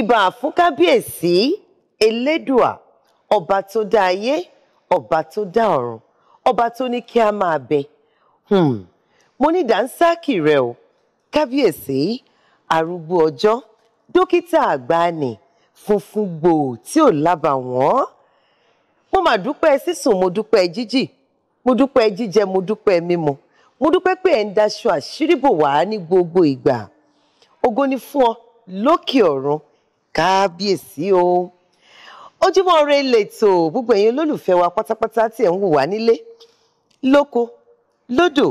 ìbà fún kábíyèsí elédùà ọba tó dá ayé ọba tó dá ọ̀run ọba tó ní kí a máa bẹ hmm, mo ní dànsákì rẹ o kábíyèsí arúgbó ọjọ́ dókítà àgbà ni funfun gbòò tí ò lábàwọ́n mo mà dúpẹ́ sísùn mo dúpẹ́ jíjì mo dúpẹ́ jíjẹ mo dúpẹ́ mímu mo dúpẹ́ pé ẹ̀ ń daṣọ àṣírí bò wá ní gbogbo ìgbà ògo ni fún ọ lókè ọ̀run kábíyèsí o ojúmọ́ ire lètò gbogbo ẹ̀yin olólùfẹ́ wa pátápátá tí ẹ ń wò wá nílé lóko lódò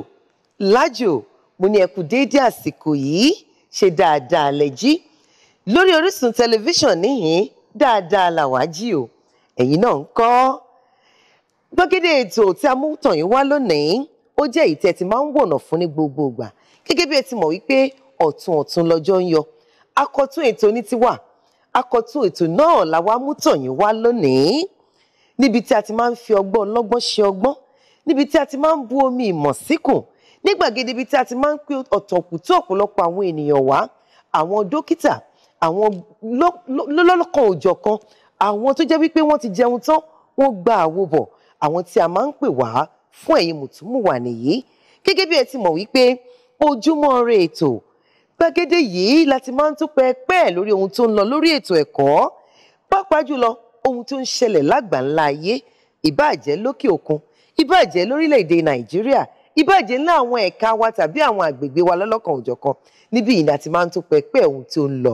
lájò mo ní ẹ kú àsìkò yìí ṣe dáadáa lẹ́jí lórí Orísun tẹlifíṣàn níhìn dáadáa làwájì o ẹ̀yin náà ń kọ́ gbọ́gede ètò tí a mú tàn yín wá lónìí ó jẹ́ èyí tẹ́ ti máa ń wọ̀nà fún ní gbogbo ìgbà gẹ́gẹ́ bí ẹ ti mọ̀ wípé ọ̀tun ọ̀tun lọ́jọ́ ń yọ akọ̀tun ètò ní tiwa akọ̀tun ètò náà làwa mú tàn yín wá lónìí níbi tí a ti máa ń fi ọgbọ́n ọlọ́gbọ́n ṣe ọgbọ́n níbi tí a ti máa ń bu omi ìmọ̀ síkùn ní gbàgede ibi tí a ti máa ń pe ọ̀tọ̀kù tó ọ̀pọ̀lọpọ̀ àwọn ènìyàn wá àwọn dókítà àwọn lọ́lọ́kan òjọ̀ kan àwọn tó jẹ́ wípé wọ́n ti jẹun tán wọ́n gba àwo bọ̀ àwọn tí a máa ń pè wá fún ẹ̀yin mùtúmùwà nìyí gẹ́gẹ́ bí ẹ ti mọ̀ wípé ojúmọ́ ire ètò gbàgede yìí láti máa ń tún pẹ́ẹ́pẹ́ lórí ohun tó ń lọ lórí ètò ẹ̀kọ́ pàápàá jùlọ ohun tó ń ṣẹlẹ̀ lágbàńlá ayé ìbáàjẹ́ lókè òkun ìbáàjẹ́ lórílẹ̀‐èdè nàìjíríà ìbáàjẹ́ ní àwọn ẹ̀ka wa tàbí àwọn àgbègbè wa lọ́lọ́kan òjọ̀kan níbí yìí láti máa ń tún pẹ́ẹ́pẹ́ ohun tó ń lọ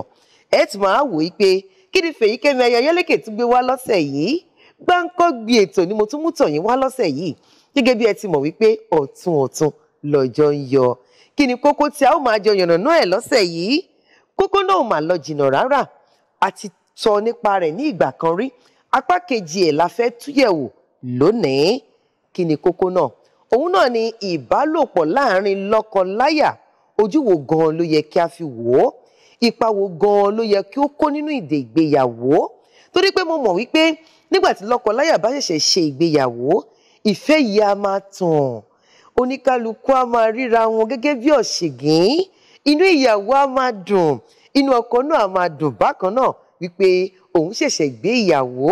ẹ̀ tún máa wò ó pé kí ni Fèyíkẹ́mi Oyaleke tún gbé wá lọ́sẹ̀ yìí gbáǹkọ́gbì ètò ni mo tún mú tọ̀ wá lọ́sẹ̀ yìí gẹ́gẹ́ bí ẹ ti mọ̀ wípé ọ̀tun ọ̀tun lọ́jọ́ ń yọ kí ni kókó tí a ó máa jọ yànnà náà ẹ̀ lọ́sẹ̀ yìí kókó náà ò máa lọ jìnnà rárá àti sọ nípa rẹ̀ ní ìgbà kan rí apá kejì ẹ̀ la fẹ́ túyẹ̀wò lónìí kí ni kókó náà òun náà ni ìbálòpọ̀ láàrin lọ́kọ-láyà ojú wo gan-an ló yẹ kí a fi wò ó ipa wo gan-an ló yẹ kí ó kó nínú ìdè ìgbéyàwó torí pé mo mọ̀ wípé nígbà tí lọ́kọ-láyà bá ṣẹ̀ṣẹ̀ ṣe ìgbéyàwó ìfẹ́ yìí a máa tàn oníkálukú á máa ríra wọn gẹ́gẹ́ bí ọ̀ṣìngín inú ìyàwó á máa dùn inú ọkọ náà á máa dùn bákan náà wípé òun ṣẹ̀ṣẹ̀ gbé ìyàwó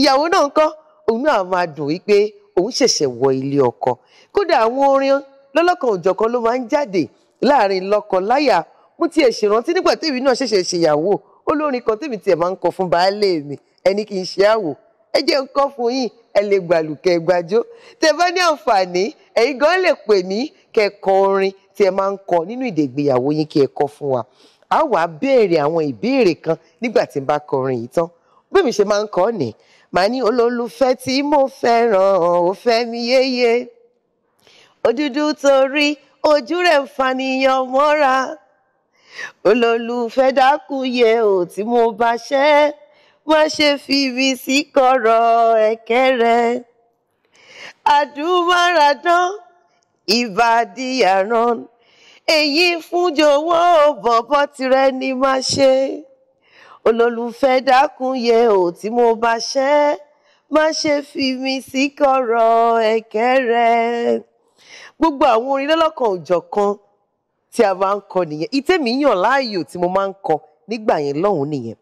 ìyàwó náà ń kọ́ òun náà á máa dùn wípé òun ṣẹ̀ṣẹ̀ wọ ilé ọkọ kódà àwọn orin lọ́lọ́kan òjọ̀kan ló máa ń jáde láàrin lọ́kọ láyà mo tiẹ̀ ṣèrántí nígbà tèmi náà ṣẹ̀ṣẹ̀ ṣèyàwó olórin kan tèmi tiẹ̀ máa ń kọ fún baálé mi ẹni kì í ṣe àwò ẹ jẹ́ ń kọ́ fún yín ẹ lè gbàlùkẹ́ gbàjó tẹ bá ní àǹfààní ẹ̀yin gan lè pè mí kẹ́kọ̀ọ́ orin tí ẹ máa ń kọ nínú ìdè ìgbéyàwó yín kí ẹ kọ fún wa a wà á béèrè àwọn ìbéèrè kan nígbà tí n bá kọrin yìí tán bí mi ṣe máa ń kọ ọ nì màá ní olólùfẹ́ tí mo fẹ́ràn ó fẹ́ mi yéye òdúdú torí ojú rẹ̀ ń faniyan mọ́ra olólùfẹ́ dákun yẹ ò tí mo bá ṣẹ́ má ṣe fi ibi sí kọ̀rọ̀ ẹ̀kẹ́ rẹ̀ àdúmáradán ìbàdí àrán èyí fún jọ̀wọ́ bọ̀bọ̀ tirẹ̀ ni má ṣe olólùfẹ́ dákun yẹ̀ ò tí mo bá ṣẹ̀ má ṣe fi mi sí kọ̀rọ̀ ẹ̀kẹ́ rẹ gbogbo àwọn orin lọ́lọ́kan òjọ̀kan tí a máa ń kọ nìyẹn ìtẹ́mi yàn láàyò tí mo máa ń kọ nígbà yẹn lọ́hùn nìyẹn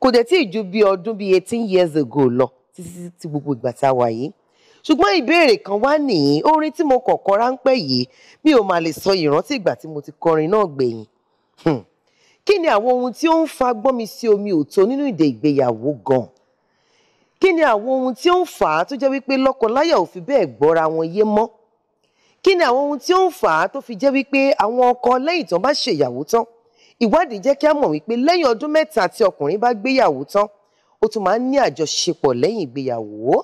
kò dẹ̀ tí ì ju bí ọdún bíi eighteen years ago lọ títí tí gbogbo ìgbà tá a wà yìí ṣùgbọ́n ìbéèrè kan wá nìyí orin tí mo kọ̀kọ́ ráńpẹ́ yìí mi ò máa lè sọ ìrántí ìgbà tí mo ti kọrin náà gbẹ̀yìn hmm. kí ni àwọn ohun tí ó ń fa gbọ́nmi sí omi òtó nínú ìdè ìgbéyàwó gan kí ni àwọn ohun tí ó ń fà á tó jẹ́ wípé lọ́kọláya ò fi bẹ́ẹ̀ gbọ́ra wọn yé mọ́ kí ni àwọn ohun tí ó ń fà á tó fi jẹ́ wípé àwọn ọkọ lẹ́yìn tán bá ṣèyàwó tán ìwádìí jẹ́ kí a mọ̀ wípé lẹ́yìn ọdún mẹ́ta tí ọkùnrin bá gbéyàwó tán ó tún máa ń ní àjọṣepọ̀ lẹ́yìn ìgbéyàwó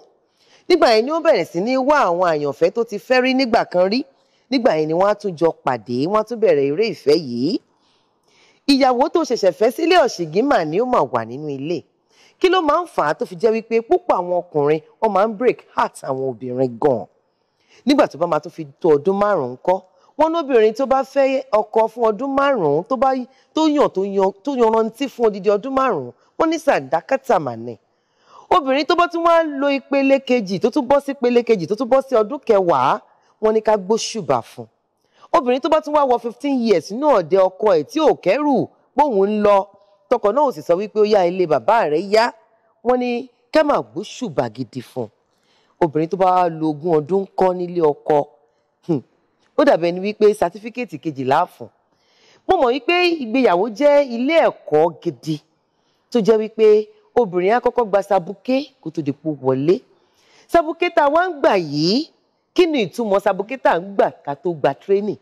nígbà yẹn ni ó bẹ̀rẹ̀ sí ní wá àwọn àyànfẹ́ tó ti fẹ́ rí nígbà kan rí nígbà yẹn ni wọ́n á tún jọ pàdé wọ́n á tún bẹ̀rẹ̀ eré ìfẹ́ yìí ìyàwó tó ṣẹ̀ṣẹ̀ fẹ́ sílé ọ̀ṣìngímà ni ó máa wà nínú ilé kí ló máa ń fà á tó fi jẹ́ wípé púpọ̀ àwọn ọkùnrin wọ́n máa ń break heart àwọn obìnrin gan-an nígbà tó bá máa tó fi tó ọdún márùn-ún kọ́ wọ́n lóbìnrin tó bá fẹ́ ọkọ fún ọdún márùn-ún tó bá tó yàn tó yan yanrantí fún odidi ọdún márùn-ún ní sàdákàtà màní obìnrin tó bọ́ tí wọ́n á lo ìpele kejì tó tún bọ́ sí ìpele kejì tó tún bọ́ sí ọdún kẹwàá wọ́n ní ká gbóṣùbà fún obìnrin tó bá tún wá wọ fifteen years nínú ọ̀dẹ ọkọ ẹ̀ tí ò kẹ́rù póun ń lọ tọkọ náà ò sì sọ wípé ó yá ilé bàbá rẹ̀ yá wọ́n ní ká máa gbóṣùbà gidi fún obìnrin tó bá wá lo ogún ọdún kọ́ nílé ọkọ hmm, ó dàbẹ̀ ni wípé sátífíkẹ́ẹ̀tì kejìlá fún mo mọ̀ wípé ìgbéyàwó jẹ́ ilé ẹ̀kọ́ gidi tó jẹ́ wípé obìnrin á kọ́kọ́ gba sabuké kó tó dìpọ̀ wọlé sabuké tá a wá ń gbà yìí kí ni ìtumọ̀ sabuké tá a ń gbà ká tó gba training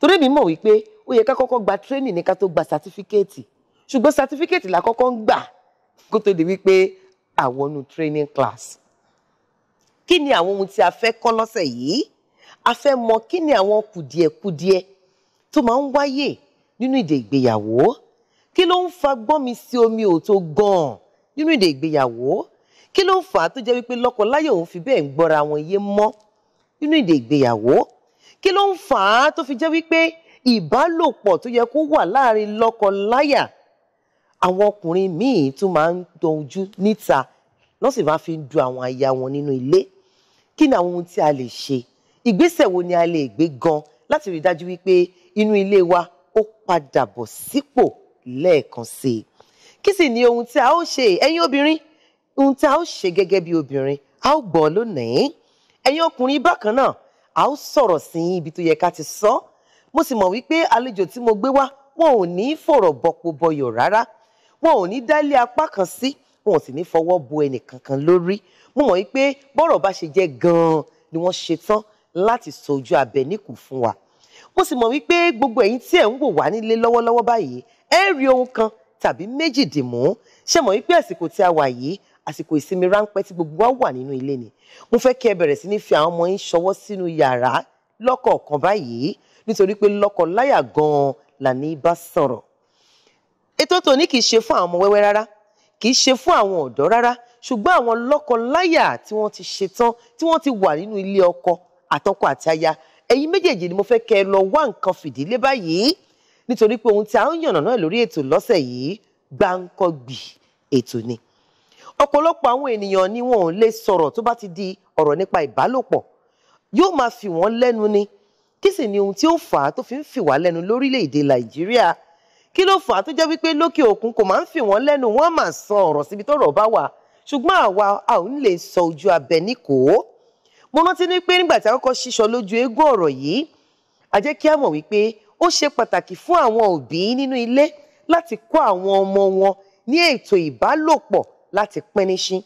torí mi mọ̀ wípé ó yẹ ká kọ́kọ́ gba training ní ká tó gba certificate ṣùgbọ́n certificate la kọ́kọ́ ń gbà kó tó di wípé àwọnú training class kí ni àwọn ohun tí a fẹ́ kọ́ lọ́sẹ̀ yìí a fẹ́ mọ kí ni àwọn kùdìẹ̀kùdìẹ tó máa ń wáyè nínú ìdè ìgbéyàwó kí ló ń fa gbọ́n mi sí omi ò tó gan-an nínú èdè ìgbéyàwó kí ló ń fà á tó jẹ́ wípé lọ́kọláya òun fi bẹ́ẹ̀ ń gbọ́ra wọn yé mọ́ nínú èdè ìgbéyàwó kí ló ń fà á tó fi jẹ́ wípé ìbálòpọ̀ tó yẹ kó wà láàrin lọ́kọláya àwọn ọkùnrin míì tún máa ń dojú níta lọ́n sì máa fi ń du àwọn aya wọn nínú ilé kí ni àwọn ohun tí a lè ṣe ìgbésẹ̀ wo ni a lè gbé gan láti rí dájú wípé inú ilé wa ó padà bọ̀ sípò lẹ́ẹ̀kan sí i kí sì ni ohun tí a ó ṣe ẹ̀yin obìnrin ohun tí a ó ṣe gẹ́gẹ́ bí obìnrin a ó gbọ́ lónìí ẹ̀yin ọkùnrin bákan náà a ó sọ̀rọ̀ sí ibi tó yẹ ká ti sọ mo sì mọ̀ wípé àlejò tí mo gbé wá wọn ò ní fọ̀rọ̀ bọpo bọyọ̀ rárá wọn ò ní dálé apá kan sí wọn ò sì ní fọwọ́ bo ẹnì kankan lórí mo mọ̀ wípé bọ́rọ̀ bá ṣe jẹ́ gan ni wọ́n ṣe tán láti sojú abẹ níkùn fún wa mo sì mọ̀ wípé gbogbo ẹ̀yin tí ẹ̀ ń wò wá nílé lọ́wọ́lọ́wọ́ báyìí ẹ rí ohun kan tàbí méjì dì mú ṣe mọ̀ wípé àsìkò tí a wà yìí àsìkò ìsinmi ráńpẹ́ tí gbogbo wa wà nínú ilé ni mo fẹ́ kí ẹ bẹ̀rẹ̀ sí ní fi àwọn ọmọ yín ṣọwọ́ sínú yàrá lọ́kọ̀ọ̀kan báyìí nítorí pé lọ́kọ láyà gan-an là ní bá sọ̀rọ̀ ètò tòní kì í ṣe fún àwọn ọmọ wẹ́wẹ́ rárá kì í ṣe fún àwọn ọ̀dọ́ rárá ṣùgbọ́n àwọn lọ́kọ láyà tí wọ́n ti ṣetán tí wọ́n ti wà nínú ilé ọkọ àtọkọ àti aya ẹ̀yin méjèèjì ni mo fẹ́ kẹ́ ẹ lọ wá nǹkan fìdílé báyìí nítorí pé ohun tí a ń yànnà náà lórí ètò lọ́sẹ̀ yìí gbáǹkọ́gbì ètò ni ọ̀pọ̀lọpọ̀ àwọn ènìyàn ni wọn ò lè sọ̀rọ̀ tó bá ti di ọ̀rọ̀ nípa ìbálòpọ̀ yóò máa fi wọ́n lẹ́nu ni kí sì ni ohun tí ó fà á tó fi ń fi wá lẹ́nu lórílẹ̀‐èdè nàìjíríà kí ló fà á tó jẹ́ wípé lókè òkun kò máa ń fi wọ́n lẹ́nu wọ́n máa sọ ọ̀rọ̀ síbi tọ́rọ̀ bá wà ṣùgbọ́n àwa a ò ní lè sọ ojú abẹ ní kò ó mo rántí ní pé nígbà tí a kọ́kọ́ sísọ lójú eégún ọ̀rọ̀ yìí a jẹ́ kí a mọ̀ wípé ó ṣe pàtàkì fún àwọn òbí nínú ilé láti kọ́ àwọn ọmọ wọn ní ètò ìbálòpọ̀ láti pín níṣín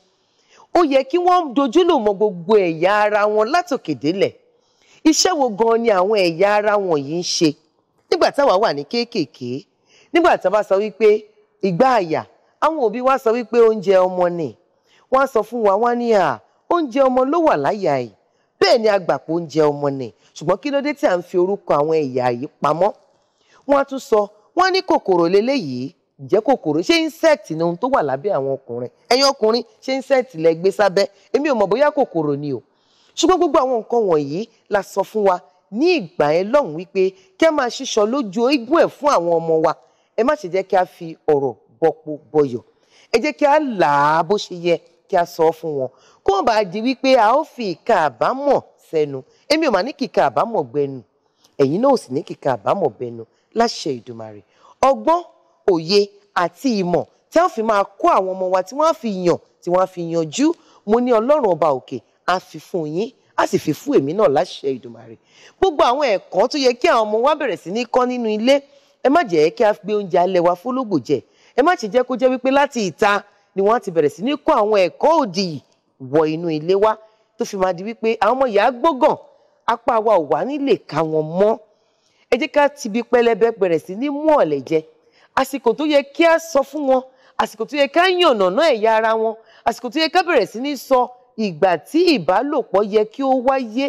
ó yẹ kí wọ́n dojúlò mọ́ gbogbo ẹ̀yà ara wọn látòkè délẹ̀ iṣẹ́ wo gan ni àwọn ẹ̀yà ara wọ̀nyí ń ṣe nígbà táwa wà ní kéékèèké nígbà tá a bá sọ wípé ìgbà àyà àwọn òbí wa sọ wípé oúnjẹ ọmọ ni wọ́n á sọ fún wa wọ́n ní à oúnjẹ ọmọ ló wà láyà ẹ̀ bẹ́ẹ̀ ni agbàpọ̀ oúnjẹ ọmọ nì ṣùgbọ́n kí ló dé tí à ń fi orúkọ àwọn ẹ̀yà yìí pamọ́ wọ́n á tún sọ wọ́n ní kòkòrò lélẹ́yìí jẹ́ kòkòrò ṣé insect ni ohun tó wà lábẹ́ àwọn ọkùnrin ẹ̀yin ọkùnrin ṣé insect lẹ gbé sábẹ́ èmi ò mọ̀ bóyá kòkòrò ni o ṣùgbọ́n gbogbo àwọn nǹkan wọ̀nyí la sọ fún wa ní ìgbà yẹn lọ́hùn wípé kí a máa ṣíṣọ lójú igun ẹ̀ fún àwọn ọmọ wa ẹ má ṣe jẹ́ kí a fi ọ̀rọ̀ bọpo bọyọ̀ ẹ jẹ́ kí a là á bó ṣe yẹ kí a sọ fún wọn kó wọn bá di wípé a ó fi ìka àbámọ̀ sẹ́nu èmi ò mà ní kíka àbámọ̀ gbẹnu ẹ̀yin náà ò sì ní kíka àbámọ̀ gbẹnu láṣẹ Ìdùmarè ọgbọ́n òye àti ìmọ̀ tí wọ́n fi máa kó àwọn ọmọ wa tí wọ́n á fi yàn tí wọ́n á fi yanjú mo ní Ọlọ́run ọba òkè á fi fún yín á sì fi fún èmi náà láṣẹ Ìdùmarè gbogbo àwọn ẹ̀kọ́ tó yẹ kí àwọn ọmọ wa bẹ̀rẹ̀ sí ní kọ́ nínú ilé ẹ má jẹ́ kí a gbé oúnjẹ alẹ́ wa fólógbò jẹ ẹ má ṣe jẹ́ kó jẹ́ wípé láti ìta ni wọ́n ti bẹ̀rẹ̀ sí ní kó àwọn ẹ̀kọ́ òdì yìí wọ inú ilé wa tó fi máa di wípé àwọn ọmọ yàá gbógàn apá wa ò wá nílè ká wọn mọ́ ẹ jẹ́ ká ti ibi pẹlẹbẹ bẹ̀rẹ̀ sí ní mú ọ̀lẹ̀ jẹ àsìkò tó yẹ kí a sọ fún wọn àsìkò tó yẹ ká yànnàná ẹ̀yà ara wọn àsìkò tó yẹ ká bẹ̀rẹ̀ sí ní sọ ìgbà tí ìbálòpọ̀ yẹ kí ó wáyé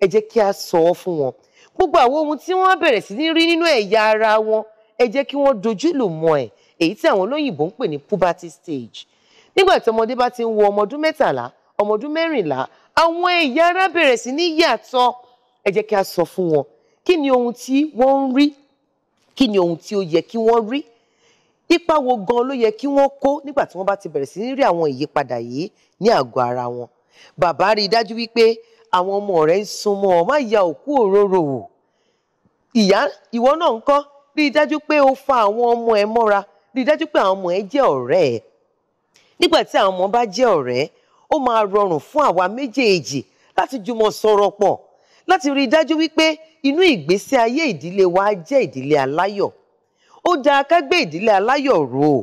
ẹ jẹ́ kí a sọ ọ́ fún wọn gbogbo àwọn ohun tí wọ́n bẹ̀rẹ̀ sí ní rí nínú ẹ̀yà ara wọn ẹ jẹ́ kí wọ́n dojú lù mọ́ ẹ̀ èyí tí àwọn olóyìnbó ń pè ní puberty stage nígbà tí ọmọdé bá ti ń wọ ọmọ ọdún mẹ́tàlá ọmọ ọdún mẹ́rìnlá àwọn ẹ̀yà ara bẹ̀rẹ̀ sí ní yàtọ̀ ẹ jẹ́ kí a sọ fún wọn kí ni ohun tí wọ́n ń rí kí ni ohun tí ó yẹ kí wọ́n rí ipa wo gan ló yẹ kí wọ́n kó nígbà tí wọ́n bá ti bẹ̀rẹ̀ sí ní rí àwọn ìyípadà yìí ní àgọ́ ara wọn bàbá rí i dájú wípé àwọn ọmọ rẹ̀ ń súnmọ́ ọ má ya òkú òróró wò ìyá ìwọ náà ń kọ́ rí i dájú pé o fa àwọn ọmọ ẹ mọ́ra rí i dájú pé àwọn ọmọ ẹ jẹ́ ọ̀rẹ́ ẹ nígbà tí àwọn ọmọ bá jẹ́ ọ̀rẹ́ ó máa rọrùn fún àwa méjèèjì láti jùmọ̀ sọ̀rọ̀ pọ̀ láti rí i dájú wípé inú ìgbésí ayé ìdílé wa jẹ́ ìdílé aláyọ̀ ó dáa ká gbé ìdílé aláyọ̀ ró o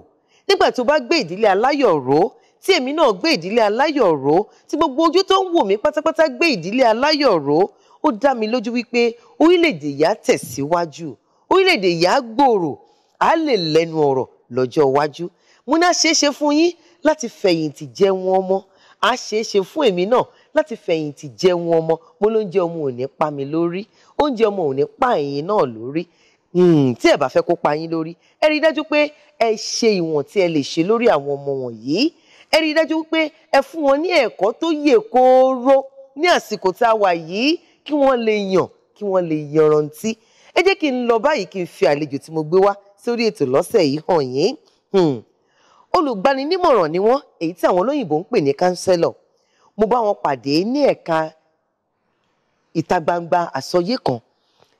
nígbà tó bá gbé ìdílé aláyọ̀ ró tí èmi náà gbé ìdílé aláyọ̀ ró tí gbogbo ojú tó ń wò mí pátápátá gbé ìdílé aláyọ̀ ró ó dá mi lójú wípé orílẹ̀-èdè yìí tẹ̀síwájú orílẹ̀-èdè yìí gbòòrò á lè lẹ́nu ọ̀rọ̀ lọ́jọ́ iwájú mo ní àṣeéṣe fún yín láti fẹ̀yìntì jẹun ọmọ àṣeéṣe fún èmi náà láti fẹ̀yìntì jẹun ọmọ mo lóúnjẹ ọmọ ò pa mi lórí oúnjẹ ọmọ ò pa ẹ̀yin náà lórí hmm, tí ẹ bá fẹ́ kó pa yín lórí ẹ rí i dájú pé ẹ ṣe ìwọ̀n tí ẹ lè ṣe lórí àwọn ọmọ wọ̀nyí ẹ rí i dájú pé ẹ fún wọn ní ẹ̀kọ́ tó yè kóró ní àsìkò tá a wà yìí kí wọ́n lè yàn kí wọ́n lè yanrantí ẹ jẹ́ kí n lọ báyìí kí n fi àlejò tí mo gbé wá sórí ètò lọ́sẹ̀ yìí hàn yín hmm. olùgbaninímọ̀ràn ni wọ́n èyí tí àwọn olóyìnbó ń pè ní kánsẹ́lọ̀ mo bá wọn pàdé ní ẹ̀ka ìta gbangba àsọyé kan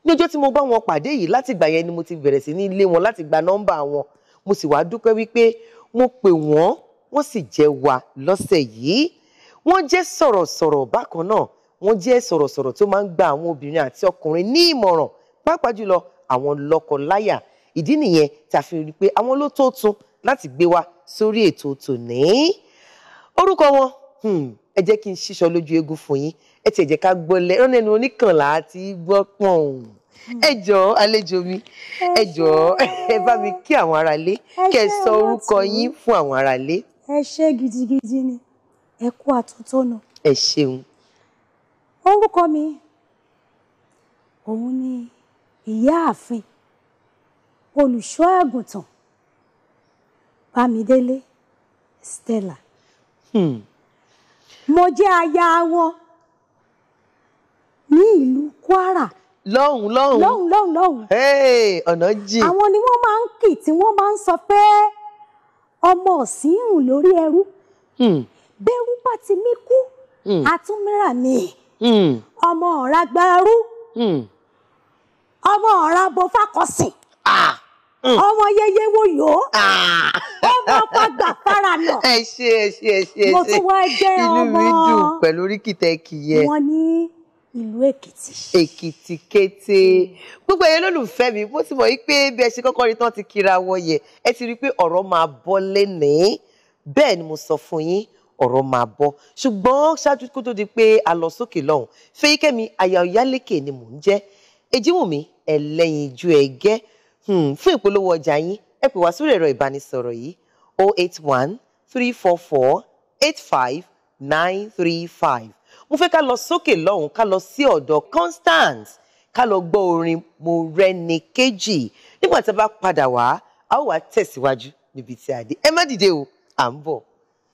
ní ọjọ́ tí mo bá wọn pàdé yìí láti ìgbà yẹn ni mo ti bẹ̀rẹ̀ sí ní ilé wọn láti gba nọ́mbà wọn mo sì wá dúpẹ́ wípé mo pè wọ́n wọ́n sì jẹ́ wa lọ́sẹ̀ yìí wọ́n jẹ́ sọ̀rọ̀sọ̀rọ̀ bákan náà wọ́n jẹ́ sọ̀rọ̀sọ̀rọ̀ tó máa ń gba àwọn obìnrin àti ọkùnrin ní ìmọ̀ràn pàápàá jùlọ àwọn lọ́kọláya ìdí nìyẹn tá a fi rí i pé àwọn ló tó tún láti gbé wa sórí ètò tòní orúkọ wọn hmm, ẹ jẹ́ kí n ṣíṣọ lójú eégún fún yín ẹ tiẹ̀ jẹ́ ká gbọ́ lẹ́rọ nínú oníkànlá àti gbọ́ pọ̀n ẹ jọ̀ọ́ àlejò mi ẹ jọ̀ọ́ ẹ bá mi kí àwọn aráalé kẹ́ ẹ sọ orúkọ yín fún àwọn aráalé. ẹ ṣé gidigidi ni ẹ kú àtúntónu. ẹ ṣeun. orúkọ mi òun ni ìyáàfin olùṣọ́ àgùntàn bámidélé stella hmm. mo jẹ́ aya wọn ní ìlú kwara lọ́hùn lọ́hùn lọ́hùn lọ́hùn lọ́hùn ọ̀nà jìn àwọn ni wọ́n máa ń kì tí wọ́n máa ń sọ pé ọmọ ọ̀sìn ń rùn lórí ẹrú hmm. bẹ́rú bá ti mí kú àtúnmíra hmm. mi hmm. ọmọ ọ̀ra gbarú ọmọ ọ̀ra bọ fákọsìn. Ah. Ah! ọmọ yẹyẹ wò yó ọmọ pàgbà fara nà ẹ ṣe ẹ ṣe ẹ ṣe mo tún wá jẹ ọmọ inú mi dùn pẹ̀lú oríkìtẹ kìyẹ wọn ní ìlú èkìtì èkìtì kété gbogbo ẹyẹ lólùfẹ́ mi mo ti mọ̀ yí pé bí ẹ ṣe kọ́kọ́ rí tán ti kíra wọ yẹ ẹ ti rí i pé ọ̀rọ̀ máa bọ́ lénìí bẹ́ẹ̀ ni mo sọ fún yín ọ̀rọ̀ máa bọ́ ṣùgbọ́n ṣáájú kó tó di pé a lọ sókè lọ́hùn Fẹ́yìkẹ́mi aya Ọ̀yálékè ni mò ń jẹ́ Èjìwùmí ẹlẹ́yinjú ẹ̀gẹ́ Hmm, fún ìpolówó ọjà yín ẹ pè wá sórí ẹ̀rọ ìbánisọ̀rọ̀ yìí o oh eight one mo fẹ́ ká lọ sókè lọ́hùn ká lọ sí ọ̀dọ̀ Constance ká lọ gbọ́ orin mo rẹ́ni kejì nígbà tí a bá padà wá a ó wá tẹ̀síwájú níbi tí a dé ẹ má dìde o à ń bọ̀.